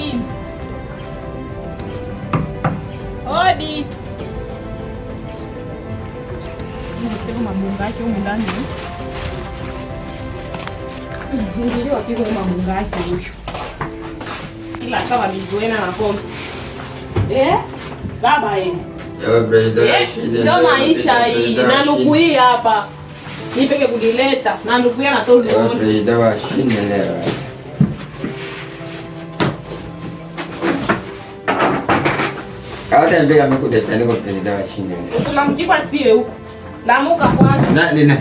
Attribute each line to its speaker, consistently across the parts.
Speaker 1: Hodi, hodi. Eh, mabunga yake humu ndani iliwapiga mabunga yake huyu, ila sawa vizuena na pombe baba eh, ndio maisha hii na ndugu hii hapa nipeke kujileta na ndugu hii anatoa
Speaker 2: hata mbele amekuja tena niko kwenye dawa chini.
Speaker 1: Tutamjiba sie huko. Namuka kwanza. Na nina.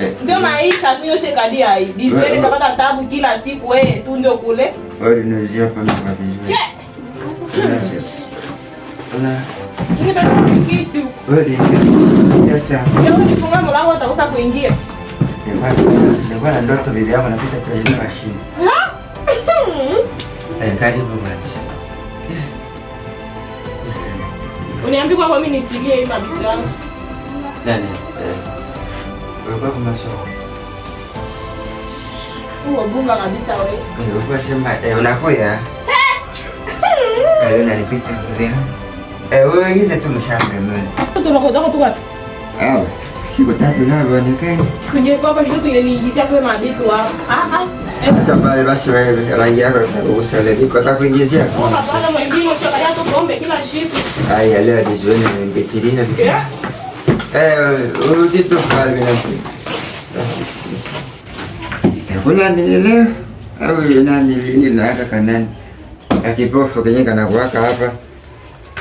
Speaker 1: Eh? Ndio maisha tu yoshe kadia hii. Bisele chapata tabu kila siku wewe tu ndio kule.
Speaker 2: Wewe unazia hapa mimi kabisa. Che. Ana.
Speaker 1: Ni basi kitu.
Speaker 2: Wewe ni. Sasa.
Speaker 1: Yeye ni kwa mama wao atakosa kuingia.
Speaker 2: Nilikuwa na ndoto bibi yangu anapita kwenye mashine. Eh, karibu basi.
Speaker 1: Uniambia kwamba mimi nitilie hii mabibi yangu.
Speaker 2: Nani? Eh. Wewe kwa masomo.
Speaker 1: Huo bunga kabisa wewe. Eh,
Speaker 2: wewe kwa shamba eh, unakuya? Eh, eh nanipita ndio. Eh, wewe ingize tu mshamba mimi.
Speaker 1: Tunakoda kwa tu wapi?
Speaker 2: Ah, siko tatu na waonekane.
Speaker 1: Kunje kwa hapa shoto yeniingizia kwa mabibi wako. Ah ah.
Speaker 2: Hata mbali basi wewe rangi yako usalemi kwa kuingizia.
Speaker 1: Kwa baba mwingine ushakaa tu pombe kila siku.
Speaker 2: Ay helal Rizwana Beterina. Eh, Urudito pale na kuna nilileo au nani nililaka kanani akipofu kenye kana kuwaka hapa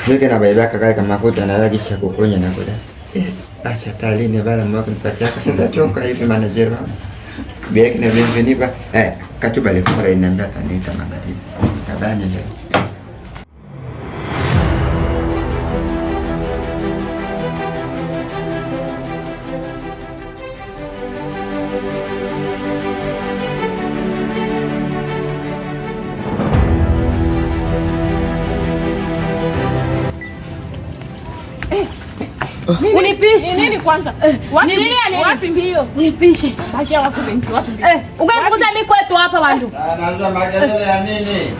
Speaker 2: yake na baibaka kale kama kuta na ragi cha kukonya na kuda eh acha taline bala mwako nipatia kwa sasa choka hivi manager wangu biek na bienveniba eh katuba lefora inambia tanita manaribu tabani leo
Speaker 1: Unipishe. Ni nini kwanza? Eh, wapi nini? Wapi mbio? Unipishe. Baki wapi benki? Wapi mbio? Eh, ungefukuza mimi kwetu hapa wandu.
Speaker 2: Anaanza ah, makelele ya nini?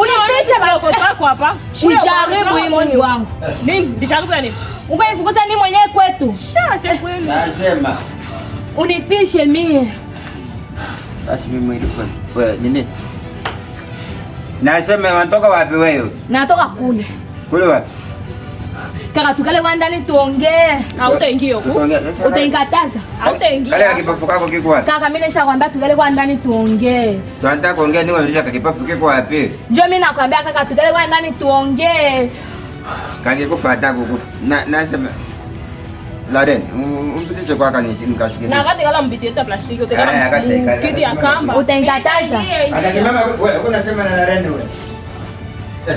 Speaker 1: Unipishe mloko wako hapa. Sijaribu himo ni wangu. Mimi nitaribu ya nini? Ungefukuza mimi mwenyewe kwetu. Sasa kweli.
Speaker 2: Nasema.
Speaker 1: Unipishe mimi.
Speaker 2: Basi mimi mwili kwa nini? Nasema wanatoka wapi wewe?
Speaker 1: Natoka kule. Kule wapi? Kaka, tukale wandani tuongee. Hautaingia huko. Utaikataza. Hautaingia.
Speaker 2: Kale kipafu kako kiko wapi?
Speaker 1: Kaka, mimi nishakwambia tukale wandani tuongee.
Speaker 2: Tunataka kuongea nini unauliza kipafu kiko wapi?
Speaker 1: Njoo mimi nakwambia kaka, tukale wandani tuongee.
Speaker 2: Kange kufa atako kufa. Na nasema Laren, um, umpitishe kwa kani nikashike.
Speaker 1: Na kati kala mpitie ta plastiki utakala. Mm, kiti ya kamba. Utaikataza.
Speaker 2: Akasema wewe unasema na Laren wewe. Eh.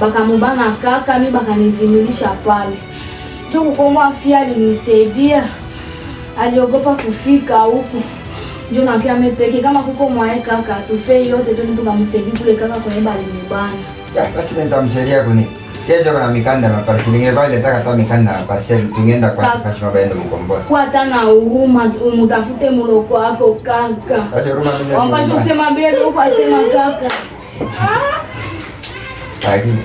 Speaker 1: bakamubana kaka, mi bakanizimilisha pale tu kukomwa. Afya alinisaidia, aliogopa kufika huku njo nakia mepeke kama kuko mwae kaka tufei yote tu mtu kule kaka kwenye bali nyumbani.
Speaker 2: Basi nitamsaidia kuni. Kesho kuna mikanda na parsi ningevaa ile taka ta mikanda na parsi tungeenda kwa kashi mabaenda mkomboa.
Speaker 1: Kwa tana huruma umutafute muloko wako kaka. Acha huruma mimi. Wampa sema mbele huko asema kaka. Ah! bibi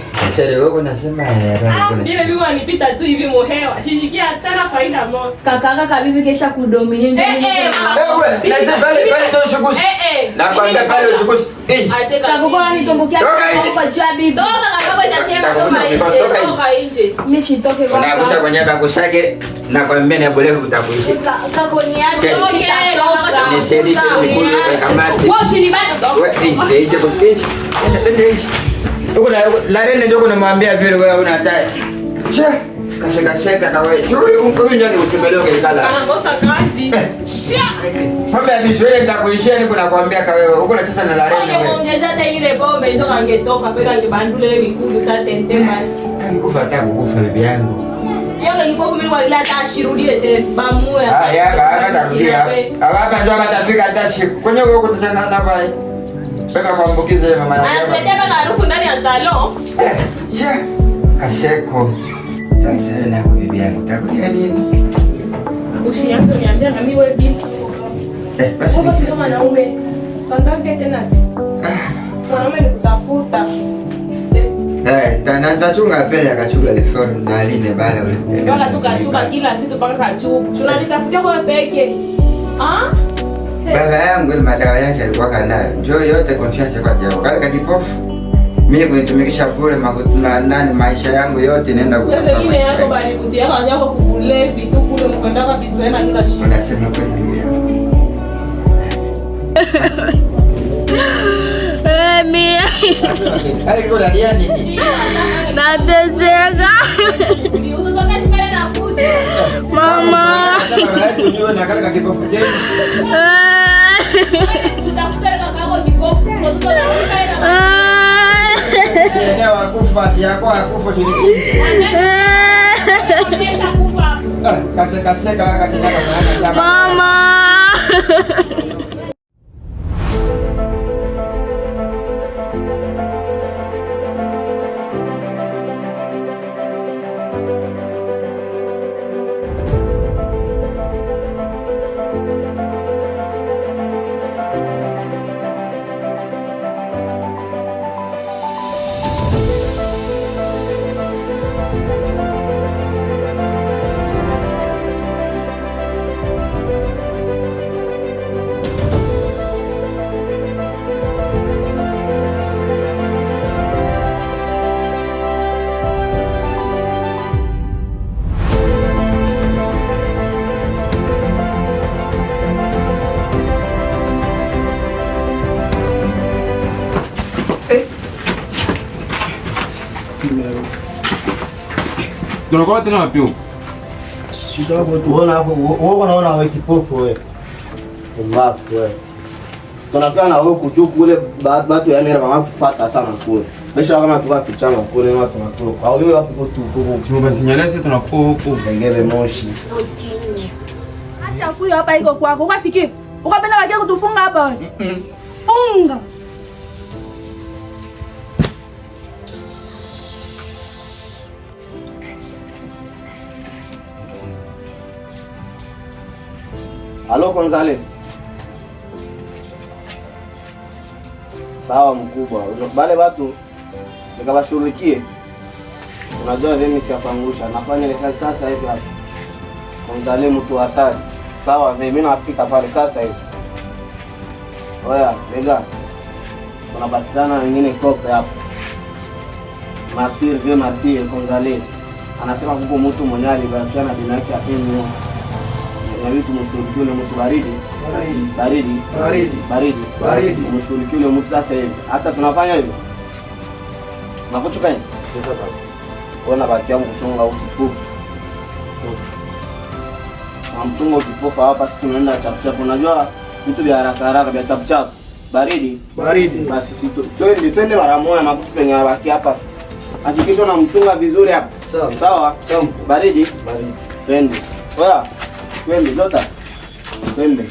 Speaker 1: ah, anipita tu hivi mohewa sishikia tena faida moja. Kaka kaka bibi kesha kudomini nje. Eh
Speaker 2: eh, eh eh. Na kwa ndio pale uchukuzi.
Speaker 1: Kakoko nitombokia kwa jua bibi. Toka kakoko chasema toka nje. Toka nje. Mimi sitoke kwa.
Speaker 2: Na kusa kwenye bakushake na kwa mimi na bole utakuishi.
Speaker 1: Kako ni aje?
Speaker 2: Ni sedi sedi kama.
Speaker 1: Wao shinibaki.
Speaker 2: Wewe nje nje nje. Huko na Larene ndio kunamwambia vile wewe una hatari. Che, kasheka sheka na wewe. Huyo huyo ndio usimelewe kikala.
Speaker 1: Anakosa kazi. Eh. Sha.
Speaker 2: Sasa hivi sio ndio kuishia ni kunakwambia ka wewe. Huko na sasa na Larene.
Speaker 1: Wewe muongeza hata ile bombe ndio angetoka peka kibandule ile mikungu saa tente mali.
Speaker 2: Eh, nikufa hata kukufa bibi yangu.
Speaker 1: Yeye ndio kwa mimi wala hata ashirudie tena bamua.
Speaker 2: Ah, yaka hata kurudia. Hapa ndio hapa tafika hata siku. Kwenye huko tutana na bye. Peka kuambukiza mama
Speaker 1: ah, yangu. Analetea kwa harufu ndani ya salon.
Speaker 2: Eh, yeah. Kasheko. Sasa na bibi yangu takulia nini?
Speaker 1: Ushianze niambia na mimi wewe bibi. Eh, basi ni kama naume. Fantasia yake nani? Mwanaume ah. ni kutafuta.
Speaker 2: Eh, eh na nitachunga pele akachuga lesoni na aline bale
Speaker 1: ule. Bora tu kachuga kila kitu mpaka kachuga. Tunavitafutia kwa peke. Ah?
Speaker 2: Baba yangu ile madawa yake alikuwa kanayo. Njoo yote confiance kwa Jehova. Kale kakipofu. Mimi kunitumikisha bure makutuna nani maisha yangu yote nenda
Speaker 1: kutafuta. Nateseka. Mama. Mama
Speaker 2: Unakuwa tena wapi huko? Unaona hapo, wewe unaona wewe kipofu wewe. Mbafu wewe. Tunakaa na wewe kuchuku kule watu yani kama wafuata sana kule. Mesha kama tukafichana kule watu wanatoka. Au wewe hapo tu huko. Tumebasinyalesi tunakuwa huko ngele moshi.
Speaker 1: Acha huyo hapa iko kwako. Ukasikii? Ukapenda waje kutufunga hapa wewe. Funga.
Speaker 2: Halo Gonzale. Sawa mkubwa, bale watu nikawashughulikie. Unajua vemi siapangusha, nafanya ile kazi sasa hivi hapa. Gonzale mtu hatari. Sawa vemi, mimi nafika pale sasa hivi. Oya lega, unapatikana wengine kope hapa. Martir vyo martir Gonzale anasema kuko mtu mwenye alibakia na bina yake apeni Inabidi tumshughulikie ule mtu baridi baridi baridi baridi baridi, tumshughulikie ule mtu sasa hivi. Sasa tunafanya hivyo nakuchukani ona baki yangu kuchunga ukipofu namchunga ukipofu hapa, si tunaenda chapuchapu. Unajua vitu vya haraka haraka vya chapuchapu baridi baridi, basi sisi twende mara moja na kutu baki hapa. Hakikisha unamchunga vizuri hapa, sawa sawa, baridi baridi, twende oya Twende Zota, twende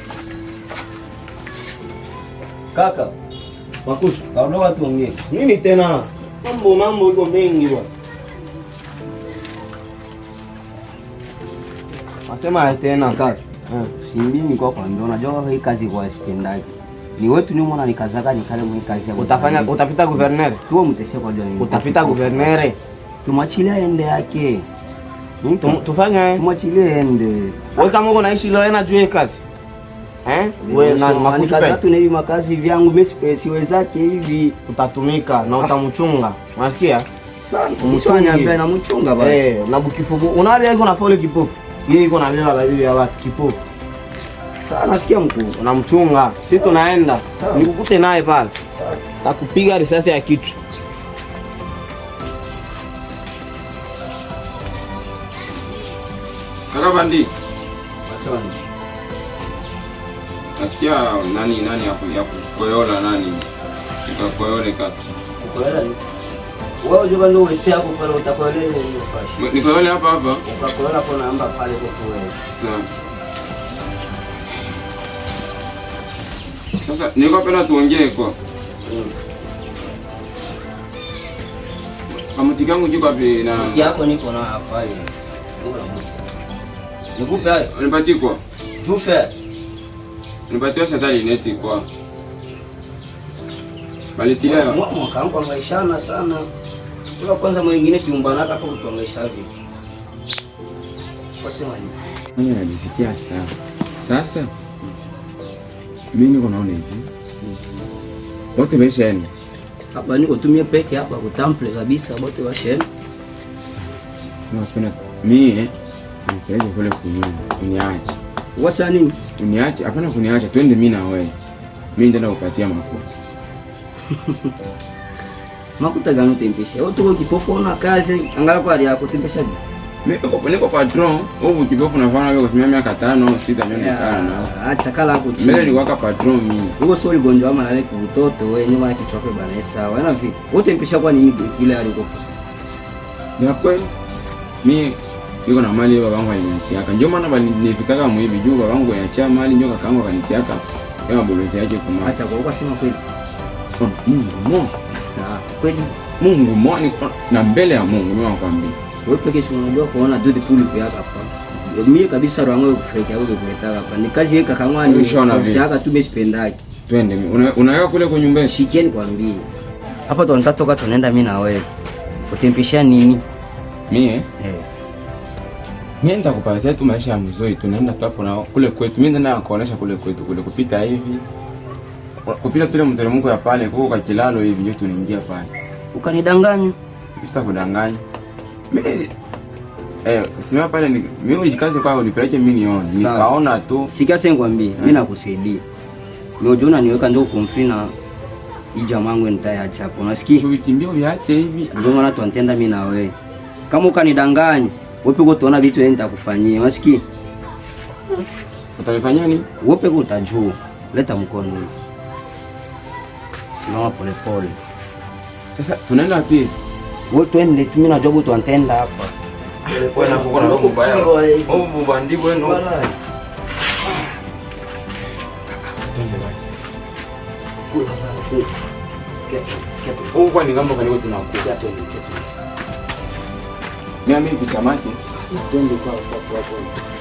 Speaker 2: kaka. Makushu kaondoka, tuongee nini tena? Mambo mambo iko mengi bwana, wasema tena kaka. ni kwa kwa ndio unajua hii kazi kwa sipendaji. Ni wetu ni mwana ni nikale mwenye kazi Utafanya utapita governor. Tuo mteshe kwa ndio. Utapita governor. Tumwachilia ende yake tufanye mwachilie ende wewe, kama uko naishi leo na kazi eh, wewe na na hivi makazi vyangu mimi hivi, utatumika na utamchunga, unasikia sana, basi eh, na bukifuku na kipofu, yeye iko na ya watu kipofu sana, nasikia mkuu, unamchunga, sisi tunaenda nikukute naye pale, takupiga risasi ya kitu Sarabandi. Masoni. Nasikia nani nani hapo ya kukoyola nani? Nikakoyole kaka. Kukoyola ni. Wewe unajua ndio wewe hapo pale utakoyola ni nafasi. Nikoyola hapa hapa. Ukakoyola kwa namba pale kwa wewe. Sawa. Sasa nilikuwa pena tuongee kwa. Kamuti mm. kangu jiko api na. Mti niko na hapa hiyo. Mungu Nikupe hayo. Unipatie kwa. Tufe. Unipatie shetani ineti kwa. Balitilia yo. Mwaka wangu anaishana sana. Ula kwanza mwingine tuumbana hata kama tuangaisha hivi. Kwa nini? Mimi najisikia sawa. Sasa mimi niko naona hivi. Wote maisha Hapa niko tumie peke hapa kutample kabisa wote washeni. Mimi napenda mimi eh, nipeleke kule kunyuma, uniache. Wasa nini? Uniache? Hapana, kuniacha, twende mimi na wewe. Mimi ndio nakupatia makuta. makuta gani utembesha? Wewe tuko kipofu, una kazi, angalau kwa hali yako tembesha. Mimi kwa patron, wewe kipofu unafanya wewe kwa miaka 5 au 6 sita, miaka tano. Acha kala hapo chini. Mimi niliwaka patron mimi. Wewe sio ligonjo ama kwa mtoto wewe, nyuma ya kichwa kwako bwana sawa. Wewe na vipi? Wewe tembesha kwa nini bila aliko? Ni kweli. Mimi iko na mali baba babangu aliniachiaka, ndio maana nilipikaga mwivi juu babangu anachia mali, ndio kakaangu akaniachiaka ya bolozi yake kuma. Acha kuogopa, sema kweli. Mungu mo. Ah, kweli Mungu mo ni na mbele ya Mungu mimi nakwambia. Wewe pekee si unajua kuona duty pool yako hapa. Mimi kabisa roho yangu kufurika wewe kuleta hapa. Ni kazi yake kakangwa ni. Ushaka tu mimi sipendaki. Twende Unaweka kule kwa nyumbani. Shikieni kwa mbili. Hapa ndo tunaenda mimi na wewe. Utempishia nini? Mimi eh? Eh. Mimi nitakupatia tu maisha ya mzuri, tu, naenda tu hapo na kule kwetu. Mimi nenda nakuonesha kule kwetu, kule kupita hivi. Kupita tule mteremko ya pale, kwa kwa kilalo hivi ndio tunaingia pale. Ukanidanganya. kudanganya Mimi eh, sema pale ni mimi nijikaze kwa unipeleke mimi nione. Nikaona tu. Sikia sasa ngwambie, eh, mimi nakusaidia. Mimi unajua niweka ndio kumfina hii jamaa wangu nitaacha hapo. Unasikia? Sio vitimbio ndio viache hivi. Ndio maana tuantenda mimi na wewe. Kama ukanidanganya wewe uko tuona vitu yenye nitakufanyia. Unasikia? Utanifanyia nini? Wewe uko Leta mkono huo. Simama pole pole. Sasa tunaenda wapi? Wewe twende, mimi najua wewe tuantenda hapa. Wewe na kuko na mbaya. Wewe mbandi wewe. Kwa nini ngamba kaniko tunakuja Kwa twende. Mimi vitamaki. Twende kwa kwa kwa.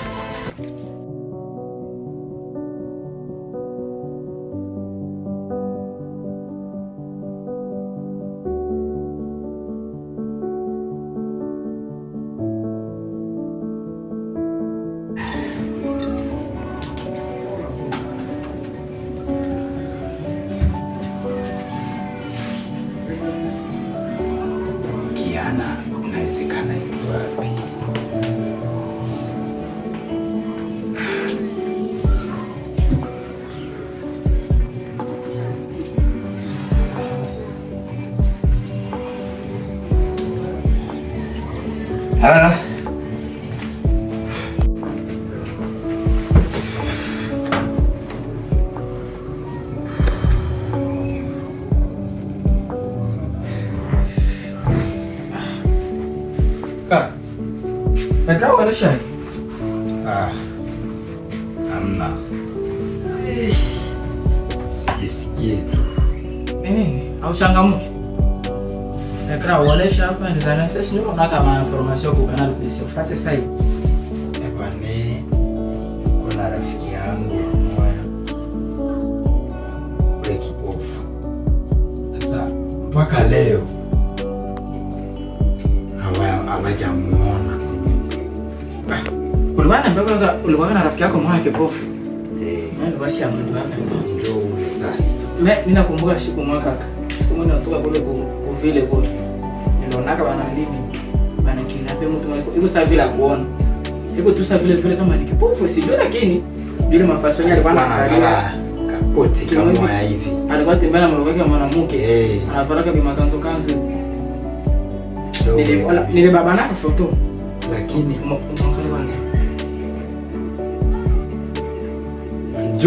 Speaker 2: si unataka mainformasio kwa kanali pesa ufuate sasa hivi. Ebane, kuna rafiki yangu moyo ule kipofu sasa, mpaka leo hawajamuona. Ulikuwa na mdogo, ulikuwa na rafiki yako moyo kipofu? Eh, basi amdogo wako ndio ule sasa. Mimi nakumbuka siku moja siku moja natoka kule kuvile kule nilionaga wanalini bana kinaambia mtu mwiko hivyo sasa vile kuona hivyo tu sasa vile vile kama ni kipofu sijui, lakini yule mafasi yake alikuwa anaangalia kapoti kama ya hivi, alikuwa tembea na mwanamke mwanamke anavalaka bima kanzo kanzo, nile baba nako foto, lakini mwanamke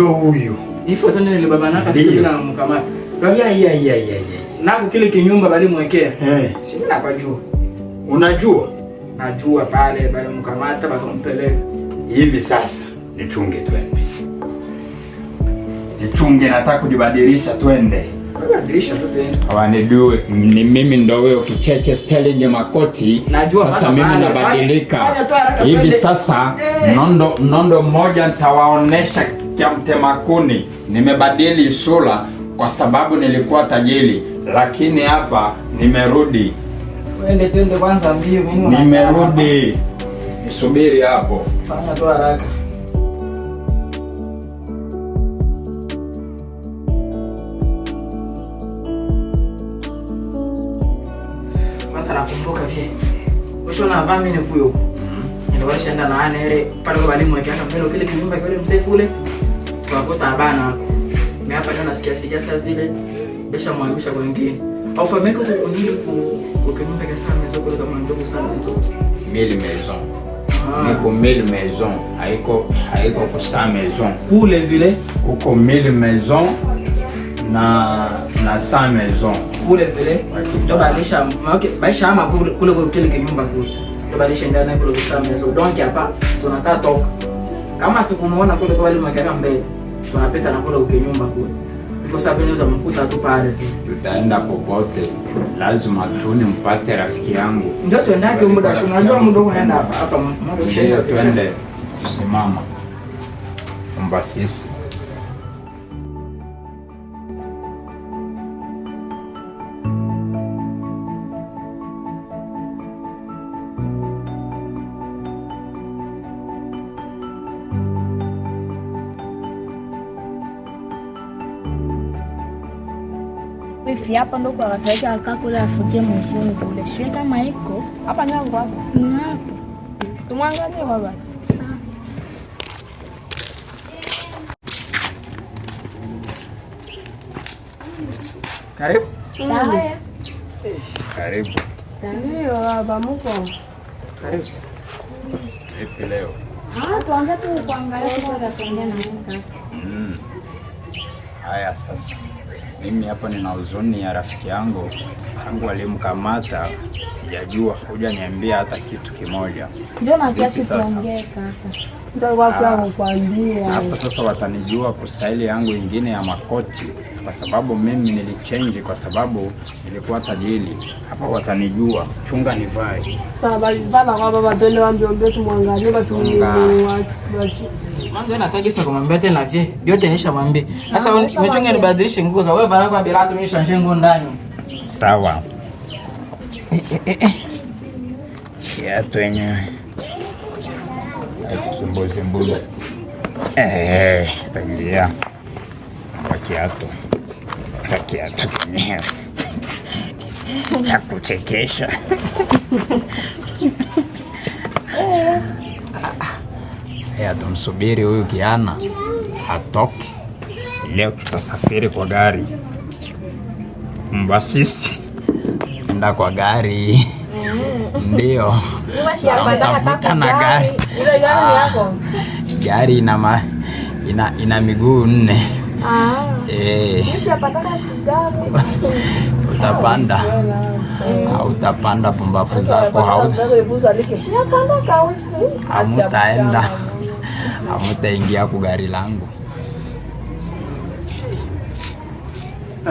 Speaker 2: huyo, ni foto nile baba nako sio na mkamata, kwa hiyo ya ya ya Nako kile kinyumba bali mwekea. Hey. Eh. Si mimi napajua. Unajua? Najua pale pale mkamata bakampeleka. Hivi sasa nichunge twende. Nichunge nataka kujibadilisha twende. Badilisha tu twende. Hawanidue ni mimi ndo wewe kicheche stelling makoti. Najua sasa mimi nabadilika. Hivi sasa hey. Eh. Nondo nondo moja nitawaonesha kiamte makuni Nimebadili sura kwa sababu nilikuwa tajiri lakini hapa nimerudi, Wende twende kwanza mbio, mimi nimerudi. Nisubiri hapo, fanya tu haraka. Kwanza nakumbuka vile usho mhm. na vami ni kuyo ndio alishaenda na ane ere. pale kwa balimu yake aka mbele kile kinyumba kile mse kule tunakuta habana hapa. Mimi hapa ndio nasikia sija sasa vile umeshamwamisha kwengine au fameko kwengine ukimpeka sana hizo kuleta mandugu sana hizo mille maison ah. niko mille maison haiko haiko kwa sa maison kule vile uko mille maison na na sa maison kule vile ndo balisha maisha ama kule kule kile kinyumba kule ndo balisha ndani kule kwa sa maison donc hapa tunataka toka kama tukumuona kule kwa wale magari mbele tunapita na kule kwa nyumba kule kwa tu pale vile. Tutaenda popote, lazima tu nimpate rafiki yangu, ndio tuendake. Muda unaenda hapa hapa, si hapa ndo kwa watu waka kule afukie mzungu kule. Shwe kama iko hapa nyangu hapa. Hapo. Tumwangalie baba. Karibu. Karibu. Ndio baba mko. Karibu. Vipi leo? Ah, tuanze tu kuangalia kwa kuongea na Mm. Haya sasa. Mimi hapa nina huzuni ya rafiki yangu tangu alimkamata, sijajua huja niambia hata kitu kimoja. Ndio ah. hapa sasa watanijua kwa staili yangu ingine ya makoti, kwa sababu mimi nilichenji, kwa sababu nilikuwa tajiri. Hapa watanijua, chunga nivae Mwanzo na tagi sasa kumwambia tena vie. Yote nishamwambia. Sasa umechonga nibadilishe nguo kwa wewe vana kwa bila hata mimi nishanshe nguo ndani. Sawa. Ya twenye. Sumbo sumbo. Eh, tagilia. Wakiato. Wakiato kenyewe. Chakuchekesha. Eh eh, tumsubiri huyu Kiana atoke, leo tutasafiri kwa gari Mbasisi, enda kwa gari mm. ndio tamtafuta na gari gari ah. ina, ina, ina miguu nne ah. eh, utapanda ah, utapanda pumbafu zako hamutaenda hamutaingia ku gari langu.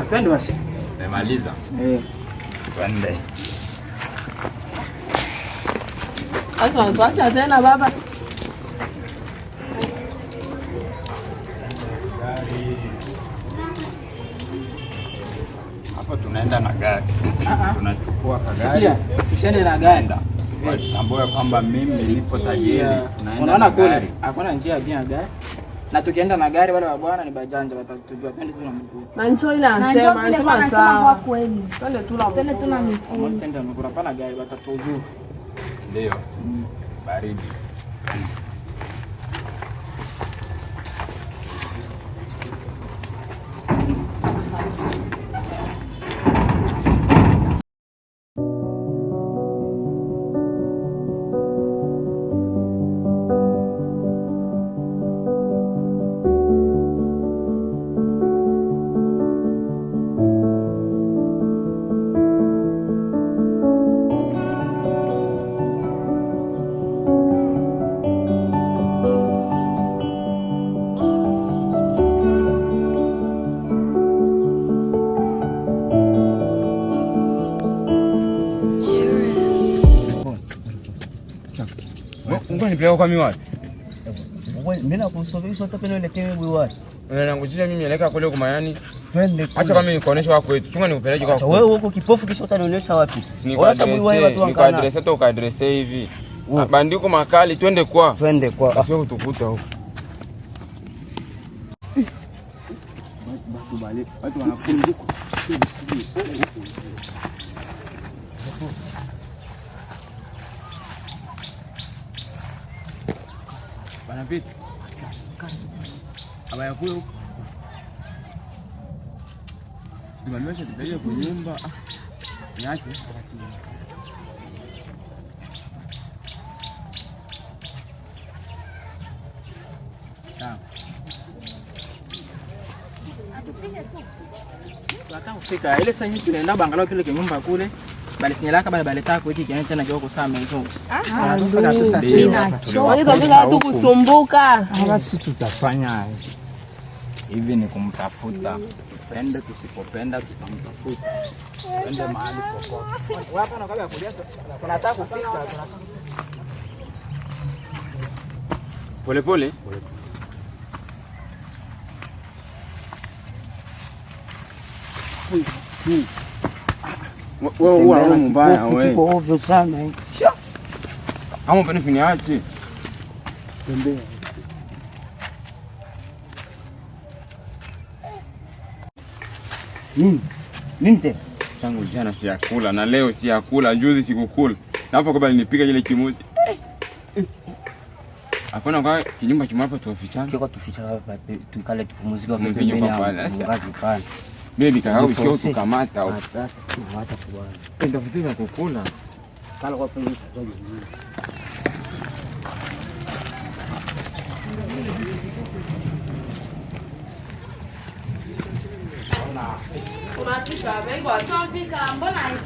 Speaker 2: Twende basi. Nimemaliza. Eh. Twende. Sasa tuacha tena baba. Hapa tunaenda na gari. Uh-huh. Tunachukua kagari. Tushende na gari tambue kwamba mimi nipo tajiri. Unaona kweli, hakuna njia bila gari na tukienda na gari wale wabwana ni bajanja watatujua, twende tu na mguu. Na njoo ile anasema anasema sawa, kweli twende tu na mguu, twende tu na mguu, twende na mguu, hapana gari watatujua. Ndio mm. baridi Unanipeleka kwa mimi wapi? Mimi na nakusafisha hata pena nielekee wewe wapi? ngojea mimi nielekea kule kwa Mayani. Twende. Acha kama nikuonesha wako wetu. Chunga nikupeleke kwa. Acha wewe huko kipofu kisha utanionyesha wapi? sababu wewe watu Niko address hata address hivi. Ah, bandiko makali twende kwa. Twende kwa. Sio kutukuta huko. Watu wanafunguka. Bwana Pete, habari kule huko Jumamosi tutakuja kwa nyumba. Ah, niache atupige tu, tunaenda angalau kile kinyumba kule bali sinyalaka bali bali tako hiki kiani tena joko saa mezo tu kusumbuka. Basi tutafanya hivi, ni kumtafuta mm. pende, tusipopenda tutamtafuta pende mahali popote. Polepole pole. Mm, mm. Kiko ovyo sana ama pende finiache tembea nini nini tena? Tangu jana siyakula na leo siyakula, juzi sikukula na kabla nilipika ile kimuti. Hapana, kwa kinyumba kimwapo tufichane, tufichane tukale, tupumzike. Bebi karau sio tukamata. Enda kuzima kukula. Kala kwa pili. Kuna kitu hapo, mbona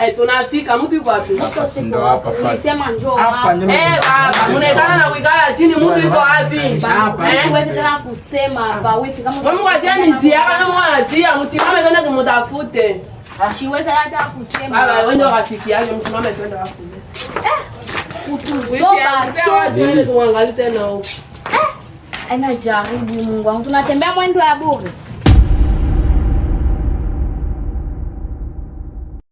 Speaker 2: Eh, tunafika mtu kwa tu. Eh, ndio hapa hapa. Nisema njoo hapa. Eh, hapa. unaikana na kuikala chini mtu yuko wapi? Hapa. Eh, siwezi tena kusema hapa wifi kama. Wewe mwa jani ziara kama mwa tia msimame kwenda kumtafute. Asiweza ah, hata kusema. Baba, wewe ndio rafiki yake msimame twende wapi. Eh. Utuzoba. Twende tuangalie tena huko. Eh. Ana jaribu Mungu wangu. Tunatembea mwendo wa bure.